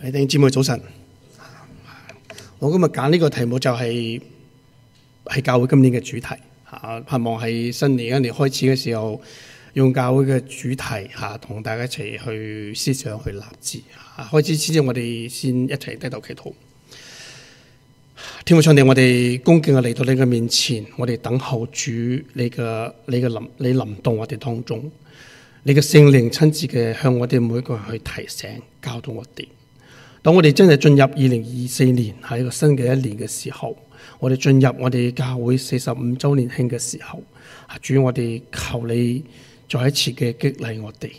誒，弟兄姊妹早晨。我今日揀呢個題目就係、是、係教會今年嘅主題吓，盼望喺新年一年開始嘅時候，用教會嘅主題吓，同大家一齊去思想、去立志。開始之前，我哋先一齊低頭祈禱。天父上帝，我哋恭敬嘅嚟到你嘅面前，我哋等候主你，你嘅你嘅臨你臨到我哋當中，你嘅聖靈親自嘅向我哋每一個人去提醒、教導我哋。等我哋真係進入二零二四年喺一個新嘅一年嘅時候，我哋進入我哋教會四十五周年慶嘅時候，啊主，我哋求你再一次嘅激勵我哋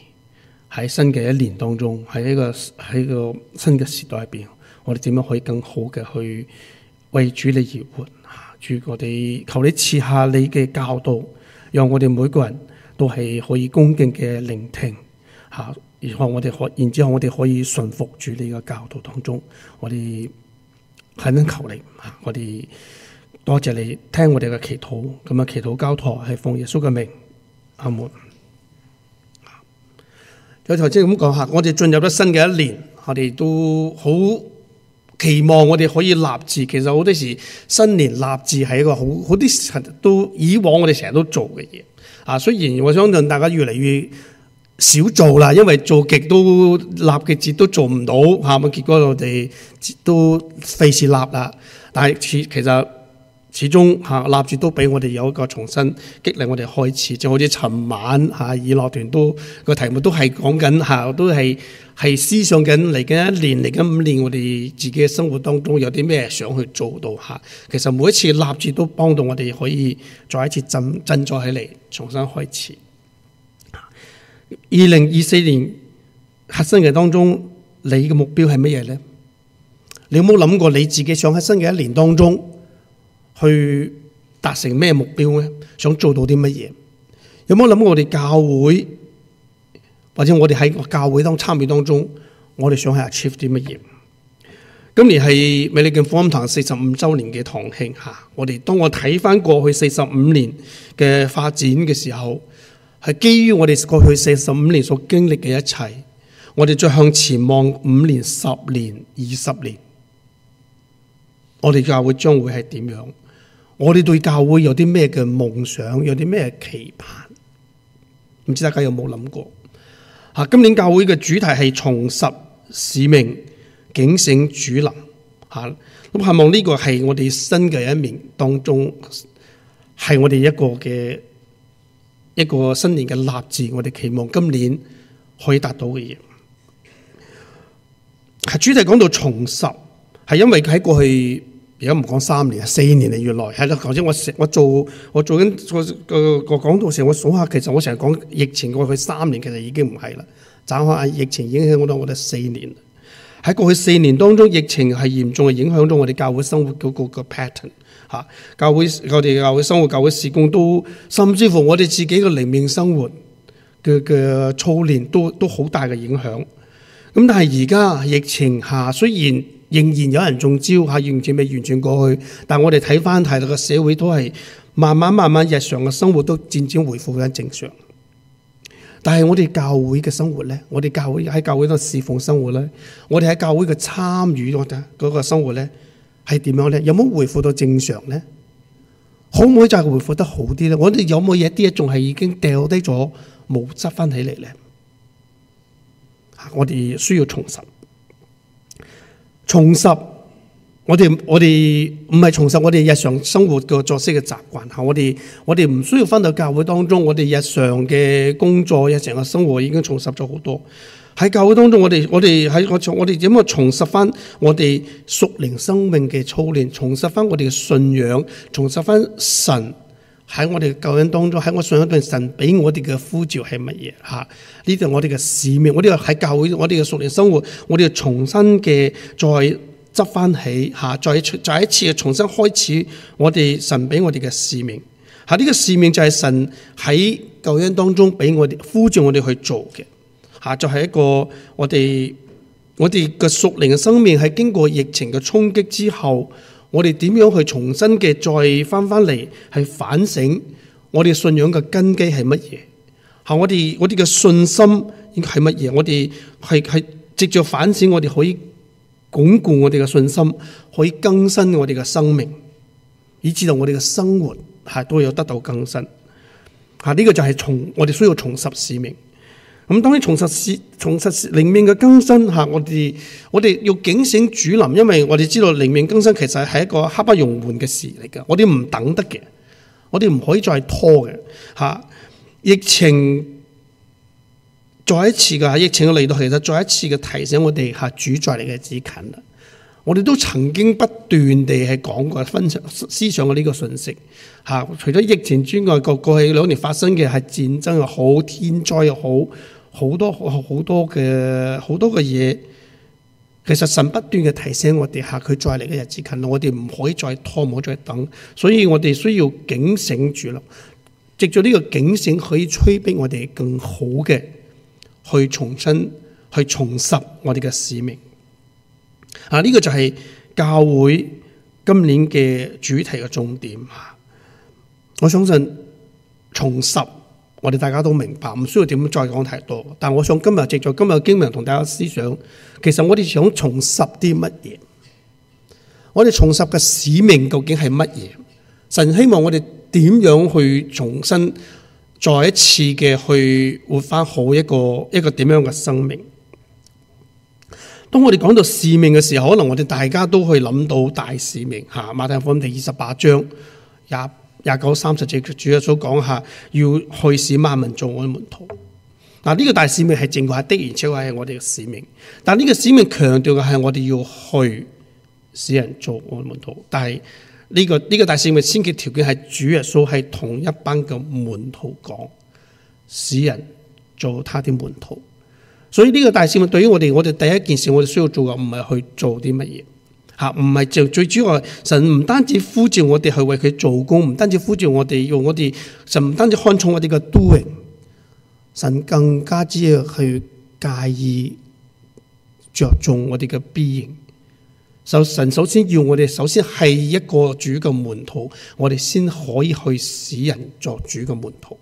喺新嘅一年當中，喺呢個喺個新嘅時代入邊，我哋點樣可以更好嘅去為主你而活啊？主，我哋求你賜下你嘅教導，讓我哋每個人都係可以恭敬嘅聆聽，吓。以後以然後我哋可，然之後我哋可以順服住你個教徒當中，我哋肯定求你，我哋多謝你聽我哋嘅祈禱，咁啊祈禱交託係奉耶穌嘅名，阿門。有頭先咁講下，我哋進入咗新嘅一年，我哋都好期望我哋可以立志。其實好多時新年立志係一個好好啲都以往我哋成日都做嘅嘢。啊，雖然我相信大家越嚟越。少做啦，因為做極都立嘅志都做唔到，吓，咁結果我哋都費事立啦。但係始其實始終吓立志都俾我哋有一個重新激勵我哋開始，就好似尋晚吓以樂團都個題目都係講緊吓，都係係思想緊嚟緊一年嚟緊五年，我哋自己嘅生活當中有啲咩想去做到吓。其實每一次立志都幫到我哋可以再一次振振作起嚟，重新開始。二零二四年核心嘅當中，你嘅目標係乜嘢咧？你有冇諗過你自己想喺新嘅一年當中去達成咩目標咧？想做到啲乜嘢？有冇諗過我哋教會或者我哋喺個教會當參與當中，我哋想去 achieve 啲乜嘢？今年係美麗徑福音堂四十五周年嘅堂慶吓，我哋當我睇翻過去四十五年嘅發展嘅時候。係基於我哋過去四十五年所經歷嘅一切，我哋再向前望五年、十年、二十年，我哋教會將會係點樣？我哋對教會有啲咩嘅夢想？有啲咩期盼？唔知道大家有冇諗過？今年教會嘅主題係重拾使命，警醒主臨吓，咁盼望呢個係我哋新嘅一年當中，係我哋一個嘅。一個新年嘅立志，我哋期望今年可以達到嘅嘢。係主題講到重拾，係因為喺過去而家唔講三年、四年嚟，越耐，係啦。頭先我成我做我做緊個個個講道時，我數下，其實我成日講疫情過去三年，其實已經唔係啦。數下疫情影響到我哋四年，喺過去四年當中，疫情係嚴重嘅影響咗我哋教會生活嘅個 pattern。吓！教會我哋嘅教會生活、教會事工都，甚至乎我哋自己嘅靈命生活嘅嘅操練都都好大嘅影響。咁但係而家疫情下，雖然仍然有人中招吓，完全未完全過去。但係我哋睇翻，睇個社會都係慢慢慢慢日常嘅生活都漸漸回復緊正常。但係我哋教會嘅生活咧，我哋教會喺教會度侍奉生活咧，我哋喺教會嘅參與嗰個生活咧。係點樣咧？有冇回復到正常咧？可唔可以就係回復得好啲咧？我哋有冇一啲嘢咧？仲係已經掉低咗，冇執翻起嚟咧？啊！我哋需要重拾，重拾。我哋我哋唔係重拾我哋日常生活嘅作息嘅習慣。吓，我哋我哋唔需要翻到教會當中，我哋日常嘅工作、日常嘅生活已經重拾咗好多。喺教會當中我，我哋我哋喺我重我哋點樣重拾翻我哋屬靈生命嘅操練，重拾翻我哋嘅信仰，重拾翻神喺我哋教恩當中喺我信仰當中神俾我哋嘅呼召係乜嘢吓？呢度我哋嘅使命，我哋喺教會我哋嘅屬靈生活，我哋要重新嘅再執翻起吓，再再一次重新開始我，我哋神俾我哋嘅使命，吓、這、呢個使命就係神喺教恩當中俾我哋呼召我哋去做嘅。吓、啊，就係、是、一個我哋我哋嘅屬靈嘅生命係經過疫情嘅衝擊之後，我哋點樣去重新嘅再翻返嚟，係反省我哋信仰嘅根基係乜嘢？吓、啊，我哋我哋嘅信心應該係乜嘢？我哋係係藉着反省，我哋可以鞏固我哋嘅信心，可以更新我哋嘅生命，以至到我哋嘅生活係、啊、都有得到更新。吓、啊、呢、這個就係重，我哋需要重拾使命。咁當然從實施從實施靈命嘅更新，我哋我哋要警醒主臨，因為我哋知道靈命更新其實係一個刻不容緩嘅事嚟㗎。我哋唔等得嘅，我哋唔可以再拖嘅吓、啊。疫情再一次嘅、啊、疫情嘅嚟到，其實再一次嘅提醒我哋、啊、主再嚟嘅之近啦。我哋都曾經不斷地係講過分享思想嘅呢個信息、啊、除咗疫情之外，個過去兩年發生嘅係戰爭又好，天災又好。好多、好多嘅、好多嘅嘢，其實神不斷嘅提醒我哋，下佢再嚟嘅日子近，我哋唔可以再拖，唔好再等，所以我哋需要警醒住啦。藉住呢個警醒，可以催逼我哋更好嘅去重新去重拾我哋嘅使命。啊，呢、呢個就係教會今年嘅主題嘅重點吓。我相信重拾。我哋大家都明白，唔需要點再講太多。但我想今日藉住今日經文同大家思想，其實我哋想重拾啲乜嘢？我哋重拾嘅使命究竟係乜嘢？神希望我哋點樣去重新再一次嘅去活翻好一個一個點樣嘅生命？當我哋講到使命嘅時候，可能我哋大家都去諗到大使命。吓，馬太福音第二十八章廿九三十節，主耶穌講下，要去使萬民做我嘅門徒。嗱，呢個大使命係正確的，係的而且確係我哋嘅使命。但呢個使命強調嘅係我哋要去使人做我嘅門徒。但係呢、呢個呢、呢個大使命先決條件係主耶穌係同一班嘅門徒講，使人做他啲門徒。所以呢個大使命對於我哋，我哋第一件事我哋需要做嘅唔係去做啲乜嘢。吓，唔係最主要，神唔單止呼召我哋去為佢做工，唔單止呼召我哋用我哋，神唔單止看重我哋嘅 doing，神更加之去介意着重我哋嘅 being 首神首先要我哋，首先係一個主嘅門徒，我哋先可以去使人作主嘅門徒。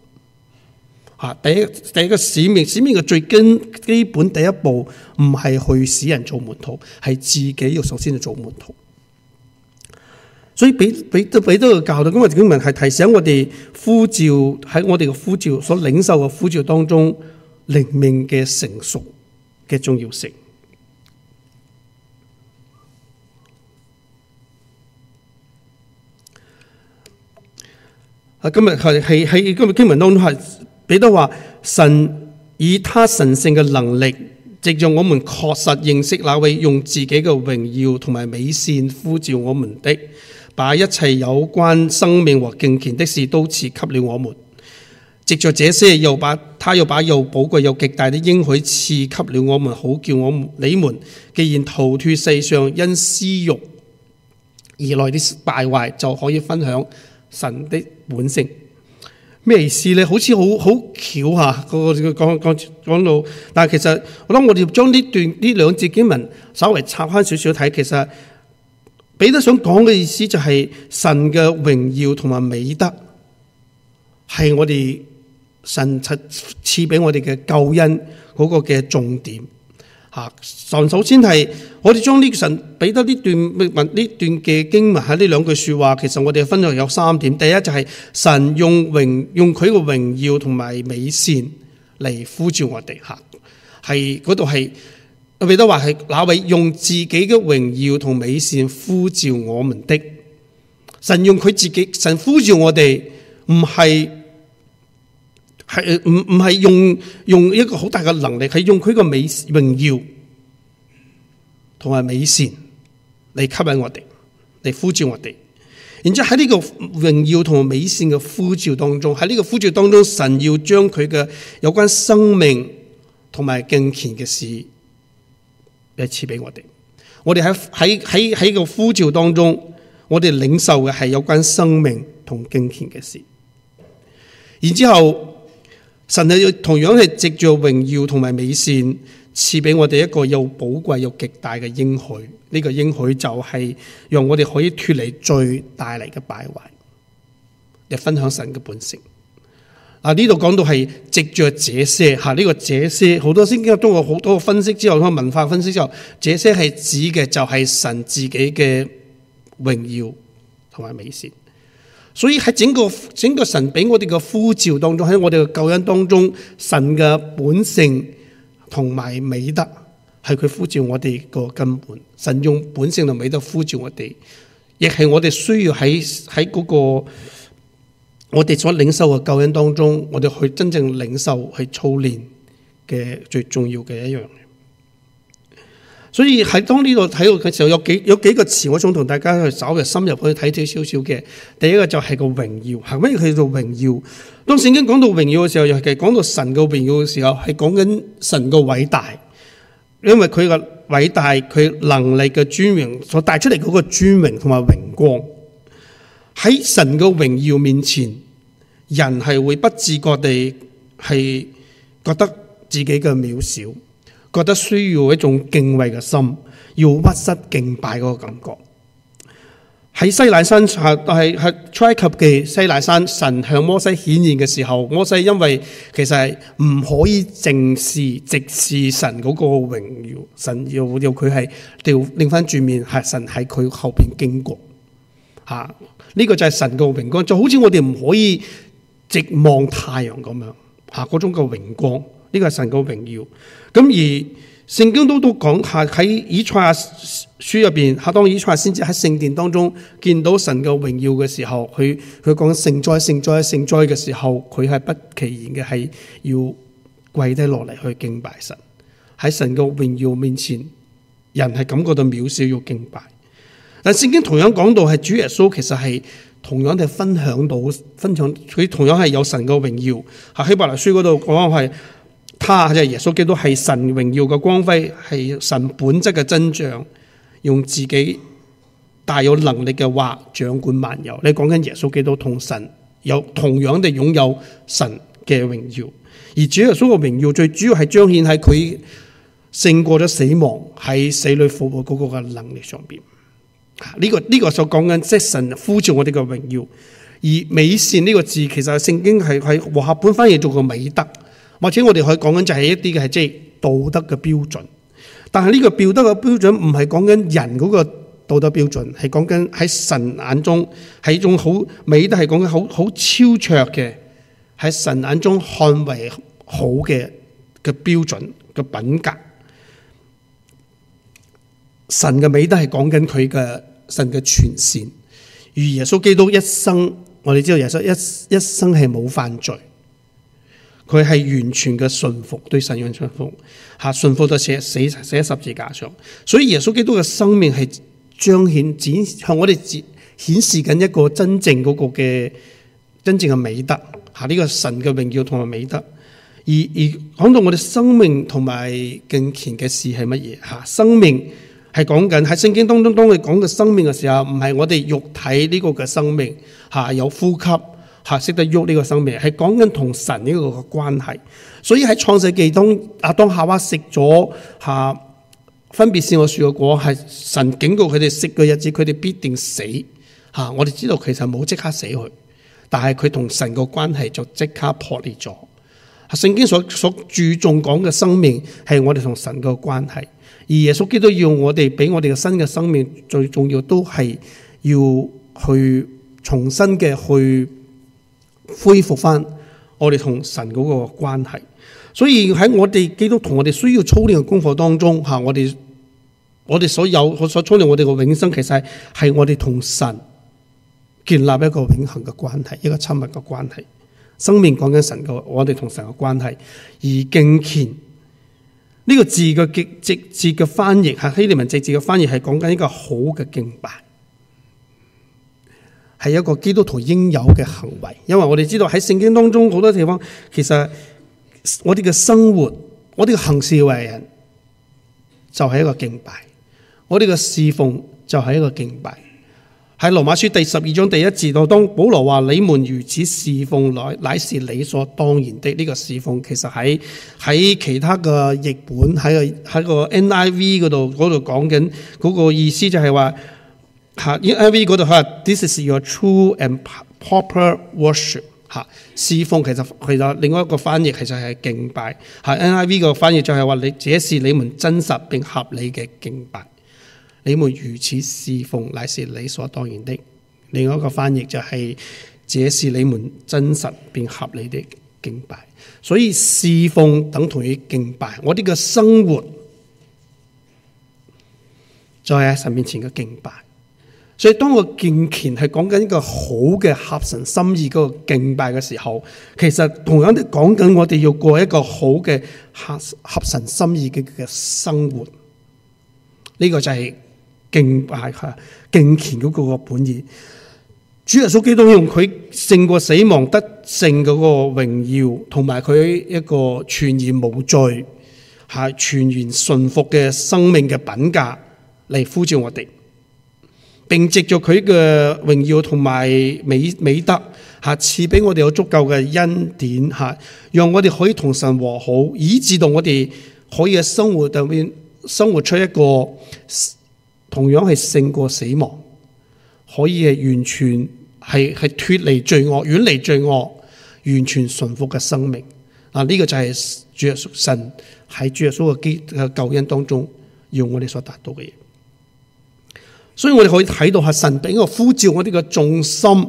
啊！第一第一個使命，使命嘅最基基本第一步，唔係去使人做門徒，係自己要首先做門徒。所以俾俾俾咗個教導，今日經文係提醒我哋呼召喺我哋嘅呼召所領受嘅呼召當中，靈命嘅成熟嘅重要性。啊！今日係係係今日經文當中係。彼得話：神以他神聖嘅能力，藉着我們確實認識那位用自己嘅榮耀同埋美善呼召我們的，把一切有關生命和敬虔的事都賜給了我們。藉着這些，又把他又把又寶貴又極大的應許賜給了我們，好叫我們你們既然逃脱世上因私欲而來的敗壞，就可以分享神的本性。咩意思咧？好似好好巧嚇，個個講講講到，但係其實我諗我哋要將呢段呢兩節經文稍微拆翻少少睇，其實彼得想講嘅意思就係神嘅榮耀同埋美德係我哋神賜賜俾我哋嘅救恩嗰個嘅重點。吓，神首先係我哋將呢神俾得呢段文呢段嘅經文喺呢兩句說話，其實我哋分享有三點。第一就係神用榮用佢嘅榮耀同埋美善嚟呼召我哋。吓，係嗰度係彼得話係哪位用自己嘅榮耀同美善呼召我們的。神用佢自己神呼召我哋，唔係。係唔唔係用用一個好大嘅能力，係用佢個美榮耀同埋美善嚟吸引我哋，嚟呼召我哋。然之後喺呢個榮耀同埋美善嘅呼召當中，喺呢個呼召當中，神要將佢嘅有關生命同埋敬虔嘅事嚟賜俾我哋。我哋喺喺喺喺個呼召當中，我哋領受嘅係有關生命同敬虔嘅事。然之後。神係要同樣係藉著榮耀同埋美善賜俾我哋一個又寶貴又極大嘅應許，呢個應許就係讓我哋可以脫離罪帶嚟嘅敗壞，又分享神嘅本性。嗱呢度講到係藉著這些吓，呢個這些好多聖經通過好多分析之後，文化分析之後，這些係指嘅就係神自己嘅榮耀同埋美善。所以在整個整個神俾我哋嘅呼召當中，喺我哋嘅救恩當中，神嘅本性同埋美德係佢呼召我哋嘅根本。神用本性同美德呼召我哋，亦係我哋需要喺喺嗰個我哋所領受嘅救恩當中，我哋去真正領受去操練嘅最重要嘅一樣。所以喺當呢度睇到嘅時候，有幾有幾個詞，我想同大家去稍微深入去睇睇少少嘅。第一個就係個榮耀，係乜嘢叫做榮耀？當聖經講到榮耀嘅時候，尤其講到神嘅榮耀嘅時候，係講緊神嘅偉大，因為佢嘅偉大，佢能力嘅尊榮所帶出嚟嗰個尊榮同埋榮光。喺神嘅榮耀面前，人係會不自覺地係覺得自己嘅渺小。覺得需要一種敬畏嘅心，要屈膝敬拜嗰個感覺。喺西奈山下，但係喺埃及嘅西乃山，神向摩西顯現嘅時候，摩西因為其實係唔可以正視直視神嗰個榮耀，神要要佢係掉擰翻轉面，係神喺佢後邊經過。吓、啊，呢、這個就係神嘅榮光，就好似我哋唔可以直望太陽咁樣。吓、啊，嗰種嘅榮光，呢、這個係神嘅榮耀。咁而聖經都都講下喺以賽亞書入邊，喺當以賽亞先知喺聖殿當中見到神嘅榮耀嘅時候，佢佢講聖哉聖哉聖哉嘅時候，佢係不其然嘅係要跪低落嚟去敬拜神。喺神嘅榮耀面前，人係感覺到渺小，要敬拜。但係聖經同樣講到係主耶穌其實係同樣嘅分享到分享，佢同樣係有神嘅榮耀。喺希伯來書嗰度講係。他即係耶穌基督，係神榮耀嘅光輝，係神本質嘅真像，用自己帶有能力嘅話掌管萬有。你講緊耶穌基督同神有同樣地擁有神嘅榮耀，而主耶穌嘅榮耀最主要係彰顯喺佢勝過咗死亡喺死裡復活嗰個嘅能力上邊。啊、這個，呢、這個呢個所講緊即神呼召我哋嘅榮耀，而美善呢個字其實聖經係喺和合本翻譯做個美德。或者我們可以講緊就係一些道德的標準，但是這個道德嘅標準不是講緊人的道德標準，是講緊喺神眼中係一種好美德，是講的很超卓的喺神眼中看為好的嘅標準的品格。神的美德是講的他的神的全善。而耶穌基督一生，我們知道耶穌一生是沒有犯罪。佢係完全嘅順服，對神樣順服，吓，順服到寫寫寫十字架上，所以耶穌基督嘅生命係彰顯展向我哋，展示緊一個真正嗰個嘅真正嘅美德吓，呢個神嘅榮耀同埋美德。而而講到我哋生命同埋敬虔嘅事係乜嘢吓？生命係講緊喺聖經當中，當我哋講嘅生命嘅時候，唔係我哋肉體呢個嘅生命吓，有呼吸。係識得喐呢個生命，係講緊同神呢個嘅關係。所以喺創世記當阿當夏娃食咗吓分別善惡樹嘅果，果，係神警告佢哋食嘅日子，佢哋必定死吓。我哋知道其實冇即刻死去，但係佢同神個關係就即刻破裂咗。聖經所所注重講嘅生命，係我哋同神嘅關係。而耶穌基督要我哋俾我哋嘅新嘅生命，最重要都係要去重新嘅去。恢復翻我哋同神嗰個關係，所以喺我哋基督同我哋需要操練嘅功課當中，吓我哋我哋所有所操練我哋嘅永生，其實係我哋同神建立一個永恆嘅關係，一個親密嘅關係。生命講緊神嘅，我哋同神嘅關係。而敬虔呢個字嘅直直接嘅翻譯係希臘文直接嘅翻譯係講緊一個好嘅敬拜，係一個基督徒應有嘅行為，因為我哋知道喺聖經當中好多地方，其實我哋嘅生活，我哋嘅行事為人就係、是、一個敬拜，我哋嘅侍奉就係一個敬拜。喺羅馬書第十二章第一節到，當保羅話你們如此侍奉乃乃是理所當然的呢、這個侍奉，其實喺喺其他嘅譯本喺個喺個 NIV 嗰度嗰度講緊嗰、那個意思就係話。吓因 NIV 嗰度吓 This is your true and proper worship。吓，侍奉其實，佢咗另外一個翻譯其實係敬拜。吓 NIV 個翻譯就係話你這是你們真實並合理嘅敬拜，你們如此侍奉乃是理所當然的。另外一個翻譯就係、是、這是你們真實並合理的敬拜，所以侍奉等同於敬拜。我哋嘅生活在神面前嘅敬拜。所以當個敬虔係講緊一個好嘅合神心意嗰個敬拜嘅時候，其實同樣地講緊我哋要過一個好嘅合合神心意嘅嘅生活。呢個就係敬拜、敬虔嗰個本意。主耶穌基督用佢勝過死亡得勝嗰個榮耀，同埋佢一個全然無罪、係全然順服嘅生命嘅品格嚟呼召我哋。並藉著佢嘅榮耀同埋美美德，吓賜俾我哋有足夠嘅恩典，吓讓我哋可以同神和好，以致到我哋可以喺生活入面生活出一個同樣係勝過死亡，可以係完全係係脫離罪惡、遠離罪惡、完全順服嘅生命。啊，呢、這個就係主耶穌神喺主耶穌嘅救恩當中要我哋所達到嘅嘢。所以我哋可以睇到，係神俾我們呼召我哋嘅重心，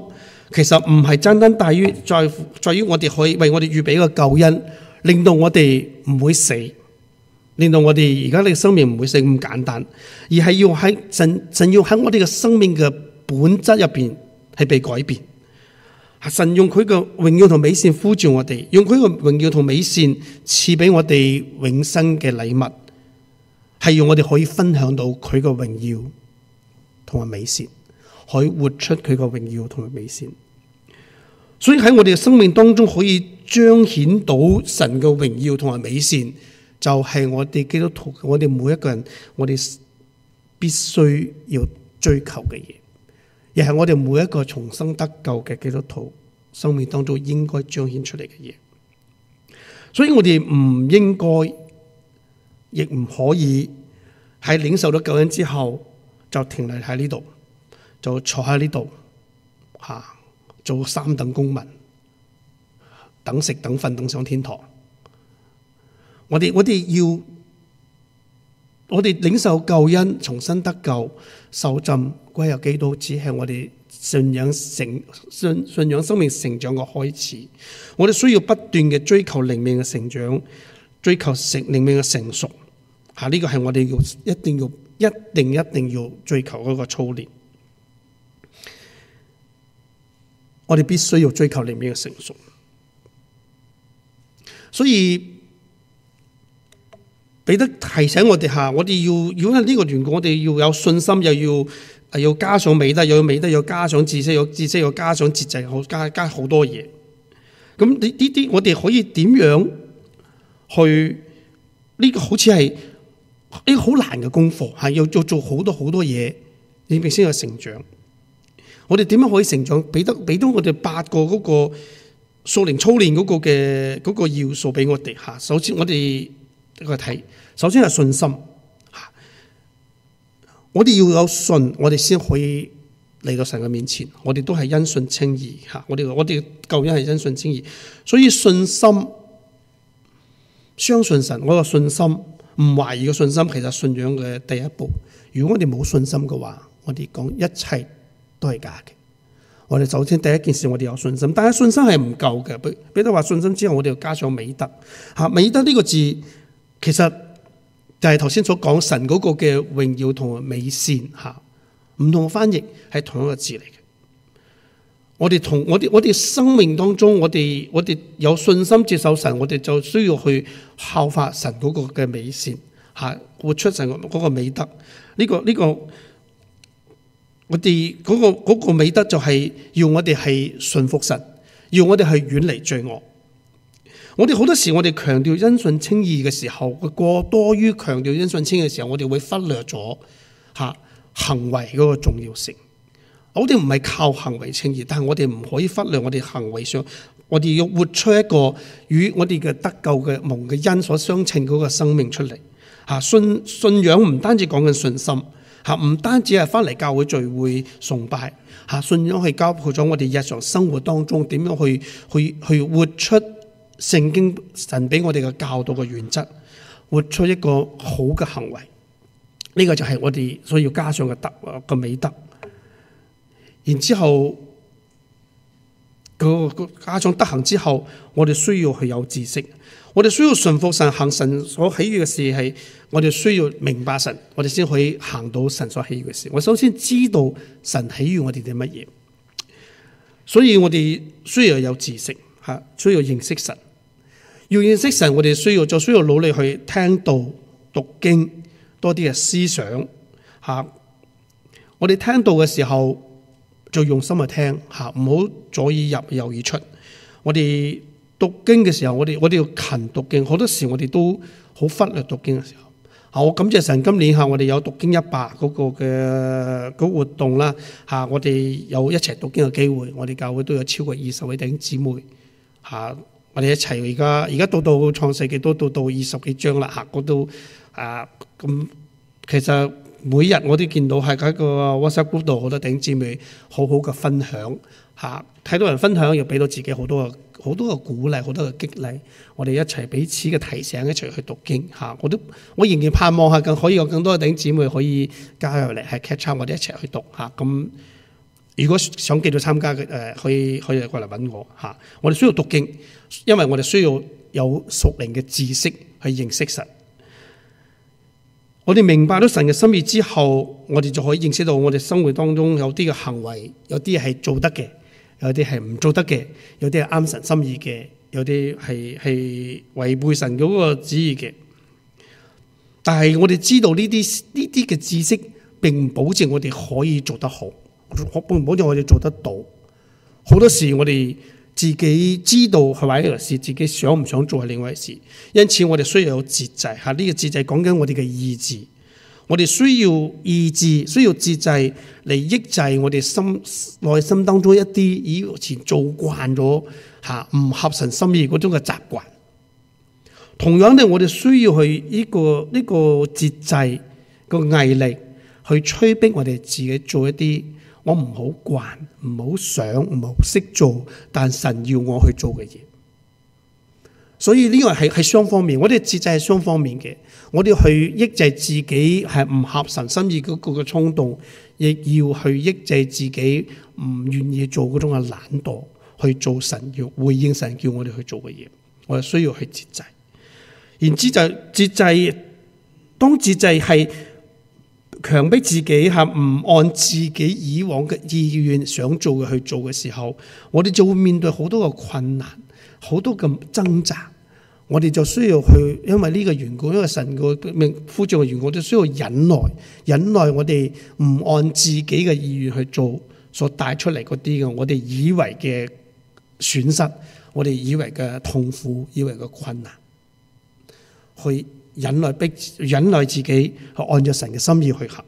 其實唔係單單在於在在於我哋可以為我哋預備一個救恩，令到我哋唔會死，令到我哋而家嘅生命唔會死咁簡單，而係要喺神，神要喺我哋嘅生命嘅本質入邊係被改變。神用佢嘅榮耀同美善呼召我哋，用佢嘅榮耀同美善賜俾我哋永生嘅禮物，係要我哋可以分享到佢嘅榮耀，同埋美善，可以活出佢個榮耀同埋美善。所以喺我哋嘅生命當中，可以彰顯到神嘅榮耀同埋美善，就係我哋基督徒，我哋每一個人，我哋必須要追求嘅嘢，亦係我哋每一個重生得救嘅基督徒，生命當中應該彰顯出嚟嘅嘢。所以我哋唔應該，亦唔可以喺領受到救恩之後。就停留喺呢度，就坐喺呢度，吓，做三等公民，等食等瞓等上天堂。我哋我哋要，我哋領受救恩，重新得救，受浸歸入基督，只係我哋信仰成信信仰生命成長嘅開始。我哋需要不斷嘅追求靈命嘅成長，追求成靈命嘅成熟。吓，呢個係我哋要一定要。一定一定要追求嗰個操練，我哋必須要追求裏面嘅成熟。所以彼得提醒我哋下，我哋要要喺呢個團隊，我哋要有信心，又要係、啊、要加上美德，又有美德，又加上知識，有知識又加上節制，好加加好多嘢。咁呢呢啲我哋可以點樣去？呢、這個好似係。呢啲好難嘅功課，係要做做好多好多嘢，你先有成長。我哋點樣可以成長？俾得俾到我哋八個嗰個屬靈操練嗰個嘅嗰個要素俾我哋吓。首先，我哋一個睇，首先係信心吓。我哋要有信，我哋先可以嚟到神嘅面前。我哋都係因信稱義吓，我哋我哋救恩係因信稱義，所以信心相信神，我個信心。唔懷疑嘅信心，其實信仰嘅第一步。如果我哋冇信心嘅話，我哋講一切都係假嘅。我哋首先第一件事，我哋有信心，但係信心係唔夠嘅。彼彼得話信心之後，我哋要加上美德嚇。美德呢個字其實就係頭先所講神嗰個嘅榮耀同埋美善嚇，唔同嘅翻譯係同一個字嚟嘅。我哋同我哋我哋生命當中，我哋我哋有信心接受神，我哋就需要去效法神嗰個嘅美善，吓，活出神嗰個美德。呢個呢個我哋嗰個嗰個美德就係要我哋係信服神，要我哋係遠離罪惡。我哋好多時候我哋強調因信稱義嘅時候，過多於強調因信稱義嘅時候，我哋會忽略咗吓行為嗰個重要性。我哋唔係靠行為稱義，但係我哋唔可以忽略我哋行為上，我哋要活出一個與我哋嘅得救嘅蒙嘅恩所相稱嗰個生命出嚟。吓，信信仰唔單止講緊信心，吓唔單止係翻嚟教會聚會崇拜，吓信仰係交付咗我哋日常生活當中點樣去去去活出聖經神俾我哋嘅教導嘅原則，活出一個好嘅行為。呢、這個就係我哋所要加上嘅德個美德。然之後，加上德行之後，我哋需要去有知識，我哋需要順服神行神所喜悦嘅事係。我哋需要明白神，我哋先可以行到神所喜悦嘅事。我首先知道神喜悦我哋啲乜嘢，所以我哋需要有知識吓，需要認識神。要認識神，我哋需要就需要努力去聽道讀經多啲嘅思想吓。我哋聽道嘅時候。就用心去聽，吓，唔好左耳入右耳出。我哋讀經嘅時候，我哋我哋要勤讀經。好多時我哋都好忽略讀經嘅時候。我感謝神，今年吓我哋有讀經一百嗰個嘅活動啦，吓我哋有一齊讀經嘅機會。我哋教會都有超過二十位弟兄姊妹，吓我哋一齊。而家而家到到創世紀都到到二十幾章啦，吓我都啊咁其實。每日我都見到喺一個 WhatsApp group 度好多頂姐妹好好嘅分享嚇，睇到人分享又俾到自己好多嘅好多嘅鼓勵，好多嘅激勵。我哋一齊彼此嘅提醒一齊去讀經嚇，我都我仍然盼望嚇，可以有更多頂姊妹可以加入嚟，係 catch up 我哋一齊去讀嚇。咁如果想繼續參加嘅誒，可以可以過嚟揾我嚇。我哋需要讀經，因為我哋需要有屬靈嘅知識去認識神。我哋明白咗神嘅心意之後，我哋就可以認識到我哋生活當中有啲嘅行為，有啲係做得嘅，有啲係唔做得嘅，有啲係啱神心意嘅，有啲係係違背神嗰個旨意嘅。但係我哋知道呢啲呢啲嘅知識，並唔保證我哋可以做得好，並唔保證我哋做得到。好多時我哋。自己知道係咪一回事，自己想唔想做係另外一回事。因此，我哋需要有節制嚇，呢、呢個節制講緊我哋嘅意志。我哋需要意志，需要節制嚟抑制我哋心內心當中一啲以前做慣咗嚇唔合神心意嗰種嘅習慣。同樣咧，我哋需要去一個呢個節制個毅力，去催逼我哋自己做一啲。我唔好慣，唔好想，唔好識做，但神要我去做嘅嘢，所以呢個係係雙方面，我哋節制係雙方面嘅，我哋去抑制自己係唔合神心意嗰個嘅衝動，亦要去抑制自己唔願意做嗰種嘅懶惰，去做神要回應神叫我哋去做嘅嘢，我哋需要去節制，然之就節制，當節制係。強迫自己吓，唔按自己以往嘅意願想做嘅去做嘅時候，我哋就會面對好多嘅困難，好多咁掙扎。我哋就需要去，因為呢個緣故，因為神個命呼召嘅緣故，都需要忍耐。忍耐我哋唔按自己嘅意願去做，所帶出嚟嗰啲嘅我哋以為嘅損失，我哋以為嘅痛苦，以為嘅困難，去。忍耐逼，忍耐自己去按着神嘅心意去行。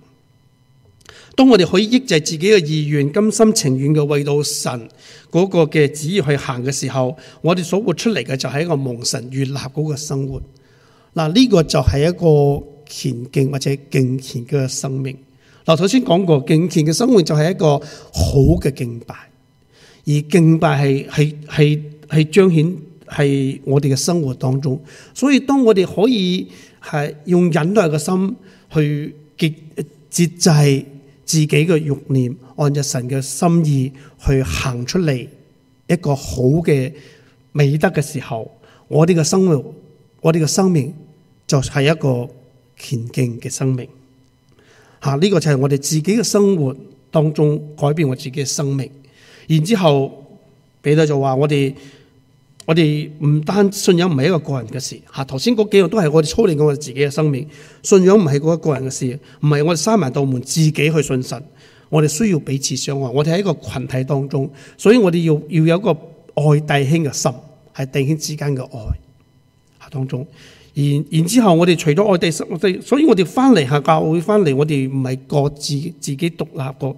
當我哋可以抑制自己嘅意願，甘心情願嘅為到神嗰個嘅旨意去行嘅時候，我哋所活出嚟嘅就係一個蒙神悅納嗰個生活。嗱，呢個就係一個虔敬或者敬虔嘅生命。嗱，頭先講過，敬虔嘅生活就係一個好嘅敬拜，而敬拜係係係係彰顯。係我哋嘅生活當中，所以當我哋可以係用忍耐嘅心去節節制自己嘅慾念，按着神嘅心意去行出嚟，一個好嘅美德嘅時候，我哋嘅生活，我哋嘅生命就係一個前進嘅生命。吓，呢個就係我哋自己嘅生活當中改變我自己嘅生命，然之後彼得就話我哋。我哋唔單信仰唔係一個個人嘅事，吓頭先嗰幾個都係我哋操練我哋自己嘅生命。信仰唔係個一個個人嘅事，唔係我哋閂埋道門自己去信神。我哋需要彼此相愛，我哋喺一個群體當中，所以我哋要要有一個愛弟兄嘅心，係弟兄之間嘅愛吓當中。而然然之後我哋除咗愛弟兄，我哋所以我哋翻嚟下教會翻嚟，我哋唔係各自自己獨立個。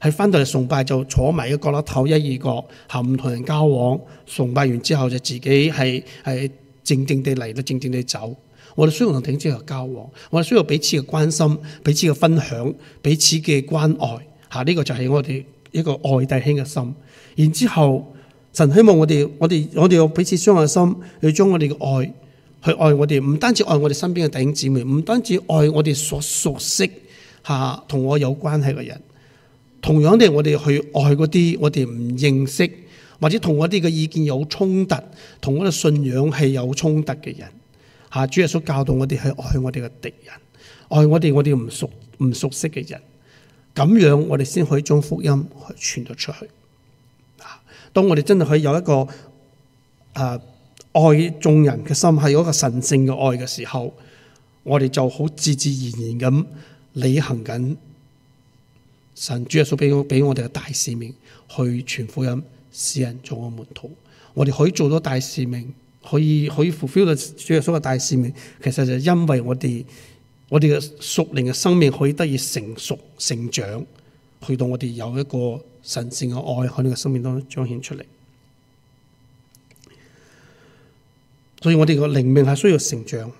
喺翻到嚟崇拜就坐埋喺角落頭一二角，唔同人交往。崇拜完之後就自己係係靜靜地嚟，到靜靜地走。我哋需要同弟兄嚟交往，我哋需要彼此嘅關心、彼此嘅分享、彼此嘅關愛。吓，呢個就係我哋一個愛弟兄嘅心。然之後，神希望我哋、我哋、我哋有彼此相愛嘅心，要將我哋嘅愛去愛我哋，唔單止愛我哋身邊嘅弟兄姊妹，唔單止愛我哋所熟悉吓同我有關係嘅人。同樣地，我哋去愛嗰啲我哋唔認識，或者同我哋嘅意見有衝突，同我哋信仰係有衝突嘅人，嚇！主耶穌教導我哋係愛我哋嘅敵人，愛我哋我哋唔熟唔熟悉嘅人，咁樣我哋先可以將福音去傳咗出去。啊！當我哋真係可以有一個誒、呃、愛眾人嘅心，係有一個神聖嘅愛嘅時候，我哋就好自自然然咁履行緊神主耶穌俾我俾我哋嘅大使命去傳福音，使人做我門徒。我哋可以做到大使命，可以可以 fulfil 咗主耶穌嘅大使命。其實就因為我哋我哋嘅屬靈嘅生命可以得以成熟成長，去到我哋有一個神聖嘅愛喺你嘅生命當中彰顯出嚟。所以我哋嘅靈命係需要成長。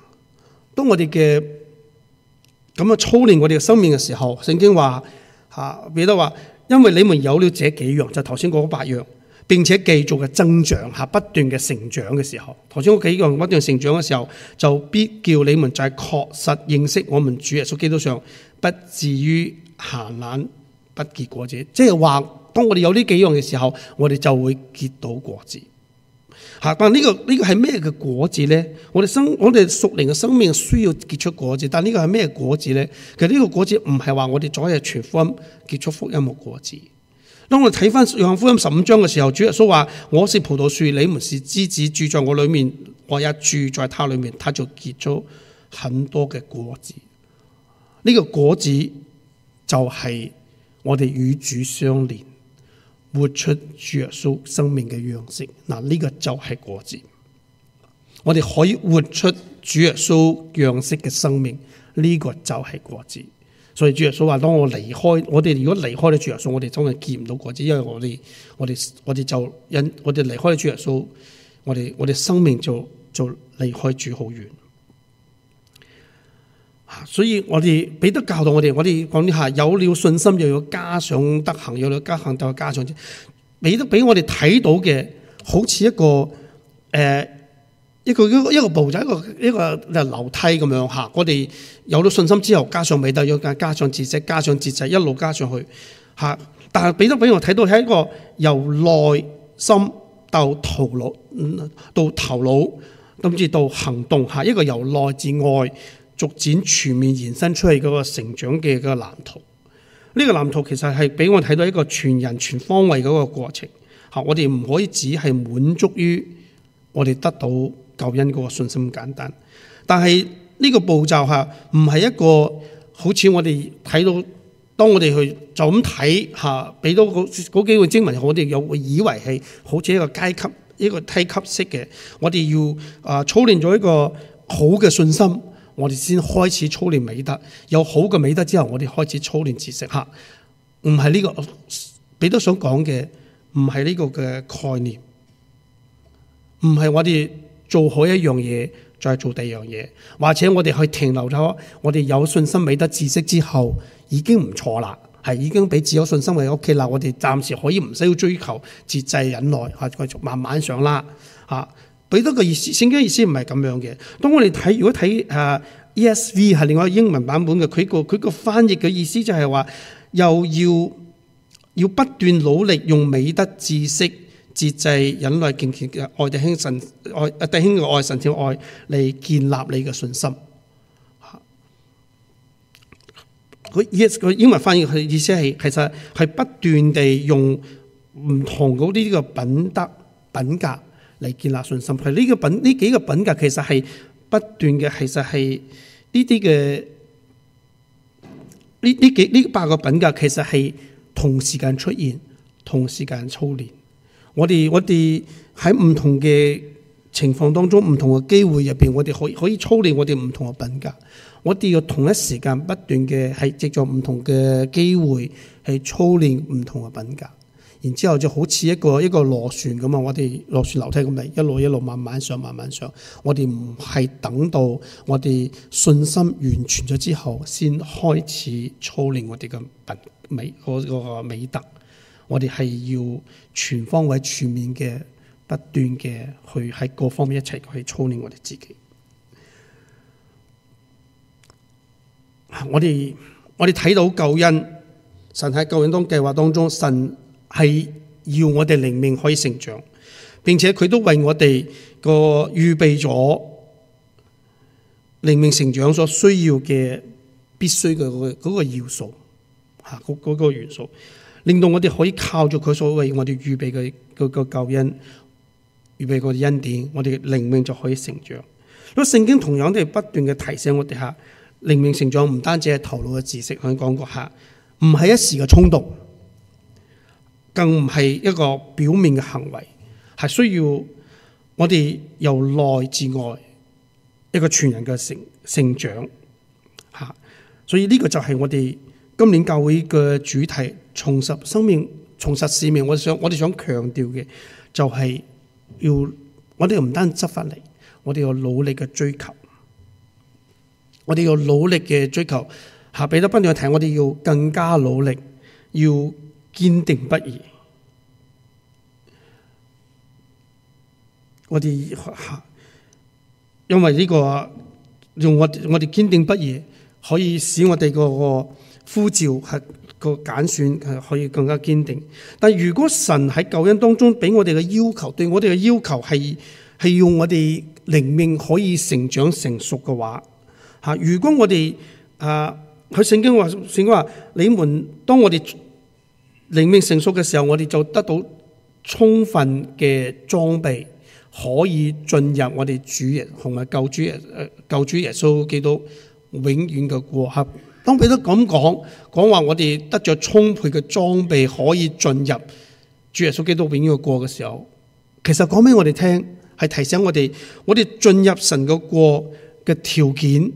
當我哋嘅咁嘅操練我哋嘅生命嘅時候，聖經話。吓彼得話，因為你們有了這幾樣，就頭先嗰八樣，並且繼續嘅增長，吓不斷嘅成長嘅時候，頭先嗰幾樣不斷成長嘅時候，就必叫你們在確實認識我們主耶穌基督上，不至於閒懶不結果子。即係話，當我哋有呢幾樣嘅時候，我哋就會結到果子。吓！但呢個呢個係咩嘅果子咧？我哋生我哋屬靈嘅生命需要結出果子，但呢個係咩果子咧？其實呢個果子唔係話我哋昨日全福音結出福音嘅果子。當我哋睇翻約翰福音十五章嘅時候，主耶穌話，我是葡萄樹，你們是枝子，住在我裏面，我也住在他裏面，他就結咗很多嘅果子。呢、這個果子就係我哋與主相連。活出主耶穌生命嘅樣式，嗱，呢個就係果子。我哋可以活出主耶穌樣式嘅生命，呢個就係果子。所以主耶穌話：當我離開，我哋如果離開咗主耶穌，我哋真係見唔到果子，因為我哋我哋我哋就因我哋離開咗主耶穌，我哋我哋生命就就離開主好遠。所以我我，我哋彼得教到我哋，我哋講啲下：有了信心又要加上德行，有了德行就加上，彼得俾我哋睇到嘅好似一個誒一個一個步驟，一個一個樓梯咁樣嚇。我哋有咗信心之後，加上美德，要加加上節制，加上節制一路加上去嚇。但係彼得俾我睇到係一個由內心到頭腦，到頭腦，甚、嗯、至到，到行動嚇，一個由內至外，逐漸全面延伸出去嗰個成長嘅嗰個藍圖，呢個藍圖其實係俾我睇到一個全人全方位嗰個過程。嚇，我哋唔可以只係滿足於我哋得到救恩嗰個信心咁簡單。但係呢個步驟嚇，唔係一個好似我哋睇到，當我哋去就咁睇嚇，俾到嗰嗰幾個經文，我哋有以為係好似一個階級、一個梯級式嘅，我哋要啊操練咗一個好嘅信心。我哋先開始操練美德，有好嘅美德之後，我哋開始操練知識。吓、這個，唔係呢個彼得想講嘅，唔係呢個嘅概念，唔係我哋做好一樣嘢再做第二樣嘢，或者我哋可以停留咗，我哋有信心、美德、知識之後已經唔錯啦，係已經俾自己有信心喺屋企啦。我哋暫時可以唔使要追求節制、忍耐，快繼續慢慢上啦，嚇。俾多個意思，先嘅意思唔係咁樣嘅。當我哋睇，如果睇啊 ESV 係另外一個英文版本嘅，佢個佢個翻譯嘅意思就係話，又要要不斷努力用美德、知識、節制、忍耐、敬虔嘅愛弟兄神愛啊弟兄嘅愛、愛神嘅愛嚟建立你嘅信心。佢 ES 英文翻譯佢意思係其實係不斷地用唔同嗰啲呢個品德品格嚟建立信心，佢呢個品呢幾個品格其實係不斷嘅，其實係呢啲嘅呢呢幾呢八個品格其實係同時間出現，同時間操練。我哋我哋喺唔同嘅情況當中，唔同嘅機會入邊，我哋可可以操練我哋唔同嘅品格。我哋要同一時間不斷嘅係借助唔同嘅機會去操練唔同嘅品格。然之後就好似一個一個螺旋咁啊！我哋螺旋樓梯咁嚟，一路一路慢慢上，慢慢上。我哋唔係等到我哋信心完全咗之後，先開始操練我哋嘅美嗰個美德。我哋係要全方位、全面嘅不斷嘅去喺各方面一齊去操練我哋自己。我哋我哋睇到救恩，神喺救恩當計劃當中，神。係要我哋靈命可以成長，並且佢都為我哋個預備咗靈命成長所需要嘅必須嘅嗰嗰個要素吓，嗰、嗰、嗰個元素，令到我哋可以靠住佢所為我哋預備嘅個救恩，預備個恩典，我哋靈命就可以成長。咁聖經同樣都係不斷嘅提醒我哋吓，靈命成長唔單止係頭腦嘅知識，我講過吓，唔係一時嘅衝動。更唔係一個表面嘅行為，係需要我哋由內至外一個全人嘅成成長吓。所以呢個就係我哋今年教會嘅主題，重拾生命，重拾使命。我想我哋想強調嘅就係要我哋唔單執法嚟，我哋要，要努力嘅追求，我哋要努力嘅追求吓。彼得不斷提，我哋要更加努力，要。堅定不移，我哋因為呢個用我我哋堅定不移，可以使我哋個呼召係個揀選係可以更加堅定。但如果神喺救恩當中俾我哋嘅要求，對我哋嘅要求係係要我哋靈命可以成長成熟嘅話，吓如果我哋啊，佢聖經話聖經話你們當我哋。靈命成熟嘅時候，我哋就得到充分嘅裝備，可以進入我哋主耶同埋救主耶，救主耶穌基督永遠嘅國。當佢都咁講，講話我哋得咗充沛嘅裝備，可以進入主耶穌基督永遠嘅國嘅時候，其實講俾我哋聽，係提醒我哋，我哋進入神嘅國嘅條件，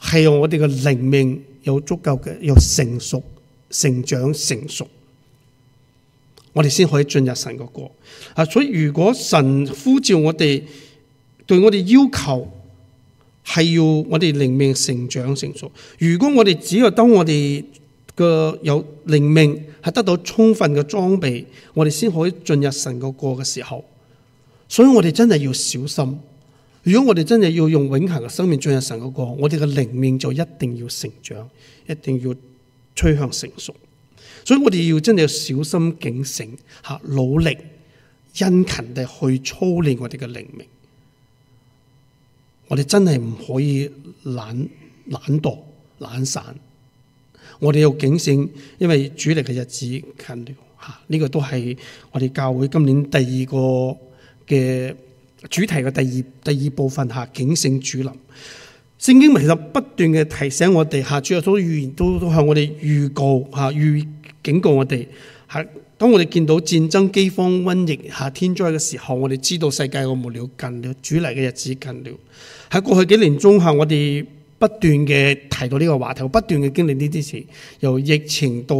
係用我哋嘅靈命有足夠嘅，有成熟、成長、成熟。我哋先可以進入神嘅國，啊！所以如果神呼召我哋，對我哋要求係要我哋靈命成長成熟。如果我哋只有當我哋嘅有靈命係得到充分嘅裝備，我哋先可以進入神嘅國嘅時候，所以我哋真係要小心。如果我哋真係要用永恆嘅生命進入神嘅國，我哋嘅靈命就一定要成長，一定要趨向成熟。所以我哋要真係要小心警醒，吓，努力殷勤地去操練我哋嘅靈命。我哋真係唔可以懶懶惰懶散。我哋要警醒，因為主臨嘅日子近了。吓，呢個都係我哋教會今年第二個嘅主題嘅第二第二部分。吓，警醒主臨。聖經其實不斷嘅提醒我哋，吓，主要都預言都都向我哋預告吓，預警告我哋，喺當我哋見到戰爭、饑荒、瘟疫、吓天災嘅時候，我哋知道世界嘅末了近了，主嚟嘅日子近了。喺過去幾年中，下我哋不斷嘅提到呢個話題，不斷嘅經歷呢啲事，由疫情到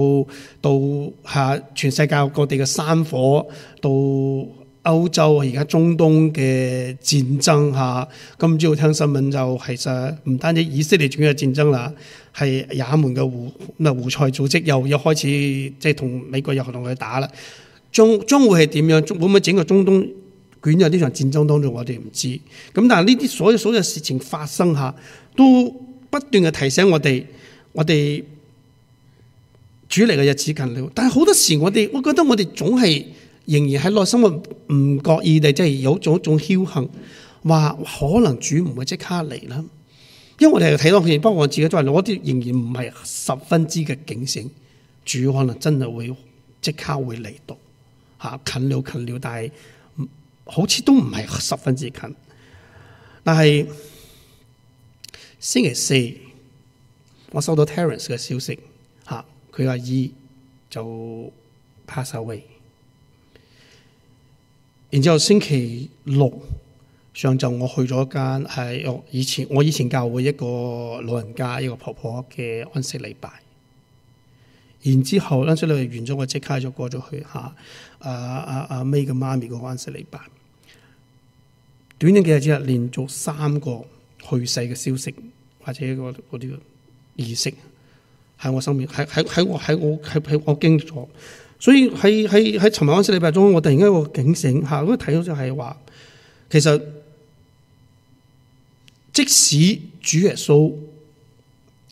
到吓全世界各地嘅山火到。歐洲啊，而家中東嘅戰爭嚇，今朝聽新聞就其實唔單止以色列轉入戰爭啦，係也門嘅胡嗱胡塞組織又又開始即係同美國又同佢打啦，將將會係點樣？會唔會整個中東捲入呢場戰爭當中？我哋唔知。咁但係呢啲所有所有事情發生下，都不斷嘅提醒我哋，我哋主嚟嘅日子近了。但係好多時我哋，我覺得我哋總係。仍然喺內心嘅唔覺意地，即係有咗一，一種僥倖，話可能主唔會即刻嚟啦。因為我哋睇到，不過我自己都係，攞啲仍然唔係十分之嘅警醒，主可能真係會即刻會嚟到嚇，近了近了，但係好似都唔係十分之近。但係星期四，我收到 Terence 嘅消息嚇，佢阿姨就 pass away。然之後星期六上晝，我去咗一間係我以前我以前教會一個老人家一個婆婆嘅安息禮拜。然之後咧，即係完咗，我即刻就過咗去吓阿阿阿 May 嘅媽咪個安息禮拜。短短幾日之內，連續三個去世嘅消息或者嗰啲儀式喺我身邊，喺喺喺我喺我喺喺我,我經歷咗。所以喺喺喺尋日嗰次禮拜中，我突然間有個警醒嚇，因為睇到就係話，其實即使主耶穌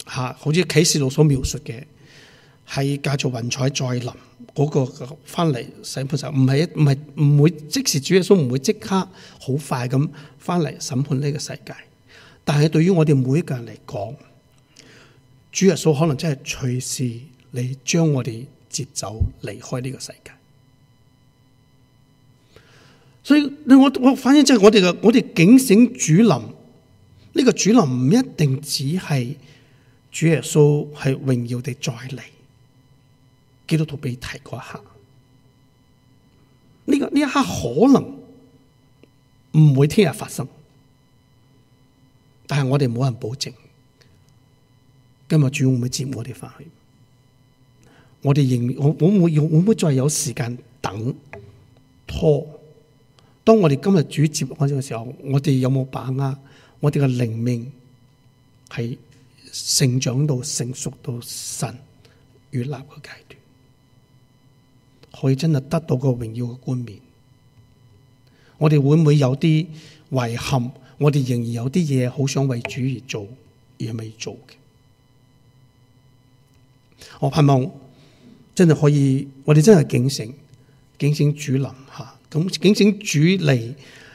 嚇，好似啟示錄所描述嘅，係駕著雲彩再臨嗰、嗰個翻嚟審判就唔係唔係唔會。即使主耶穌唔會即刻好快咁翻嚟審判呢個世界，但係對於我哋每一個人嚟講，主耶穌可能真係隨時你將我哋接走離開呢個世界，所以我我反映，即、就、係、是、我哋嘅，我哋警醒主臨呢、這個主臨唔一定只係主耶穌係榮耀地再嚟，基督徒被你提過一下呢、這個呢一刻可能唔會聽日發生，但係我哋冇人保證今日主會唔會接我哋翻去。我哋仍我會唔會，會，會再有時間等拖？當我哋今日主接我哋嘅時候，我哋有冇把握？我哋嘅靈命係成長到成熟到神悅納嘅階段，可以真係得到個榮耀嘅冠冕。我哋會唔會有啲遺憾？我哋仍然有啲嘢好想為主而做而未做嘅。我盼望。真係可以，我哋真係警醒，警醒主臨吓，咁警醒主嚟，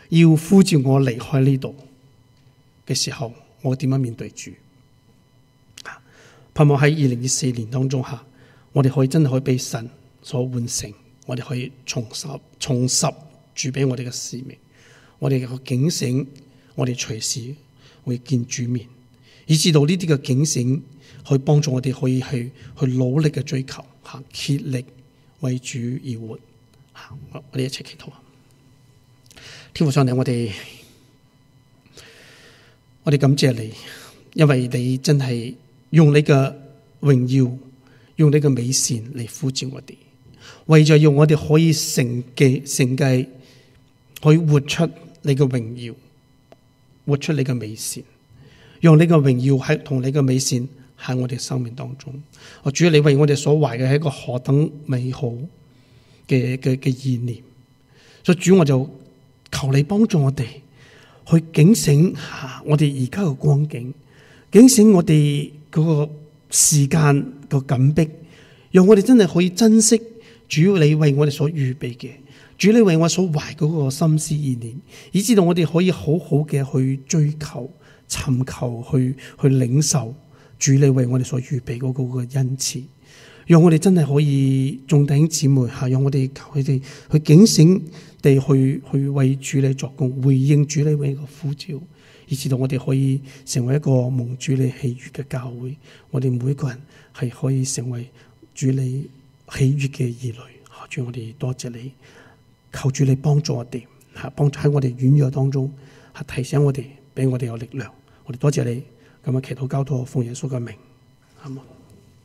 要呼召我離開呢度嘅時候，我點樣面對主？盼望喺二零二四年當中下，我哋可以真係可以被神所完成，我哋可以重拾重拾主俾我哋嘅使命，我哋嘅警醒，我哋隨時會見主面，以至到呢啲嘅警醒，去幫助我哋可以去去努力嘅追求，竭力為主而活，我哋一齊祈禱。天父上帝，我哋我哋感謝你，因為你真係用你嘅榮耀，用你嘅美善嚟呼召我哋，為咗用我哋可以承繼承繼，可以活出你嘅榮耀，活出你嘅美善，用你嘅榮耀喺同你嘅美善。喺我哋生命當中，主要你為我哋所懷嘅係一個何等美好嘅嘅嘅意念，所以主，我就求你幫助我哋去警醒下我哋而家嘅光景，警醒我哋嗰個時間嘅緊迫，讓我哋真係可以珍惜主要你為我哋所預備嘅，主要你為我所懷嗰個心思意念，以至到我哋可以好好嘅去追求、尋求、去去領受。主你為我哋所預備嗰個嘅恩賜，讓我哋真係可以眾弟兄姊妹吓，讓我哋求佢哋去警醒地去去為主你作工，回應主你嘅呼召，以至到我哋可以成為一個蒙主你喜悦嘅教會。我哋每一個人係可以成為主你喜悦嘅兒女。吓，主我哋多謝你，求主你幫助我哋吓，幫助喺我哋軟弱當中，吓提醒我哋，畀我哋有力量。我哋多謝你。咁啊，企圖交託奉耶穌嘅名，係嘛？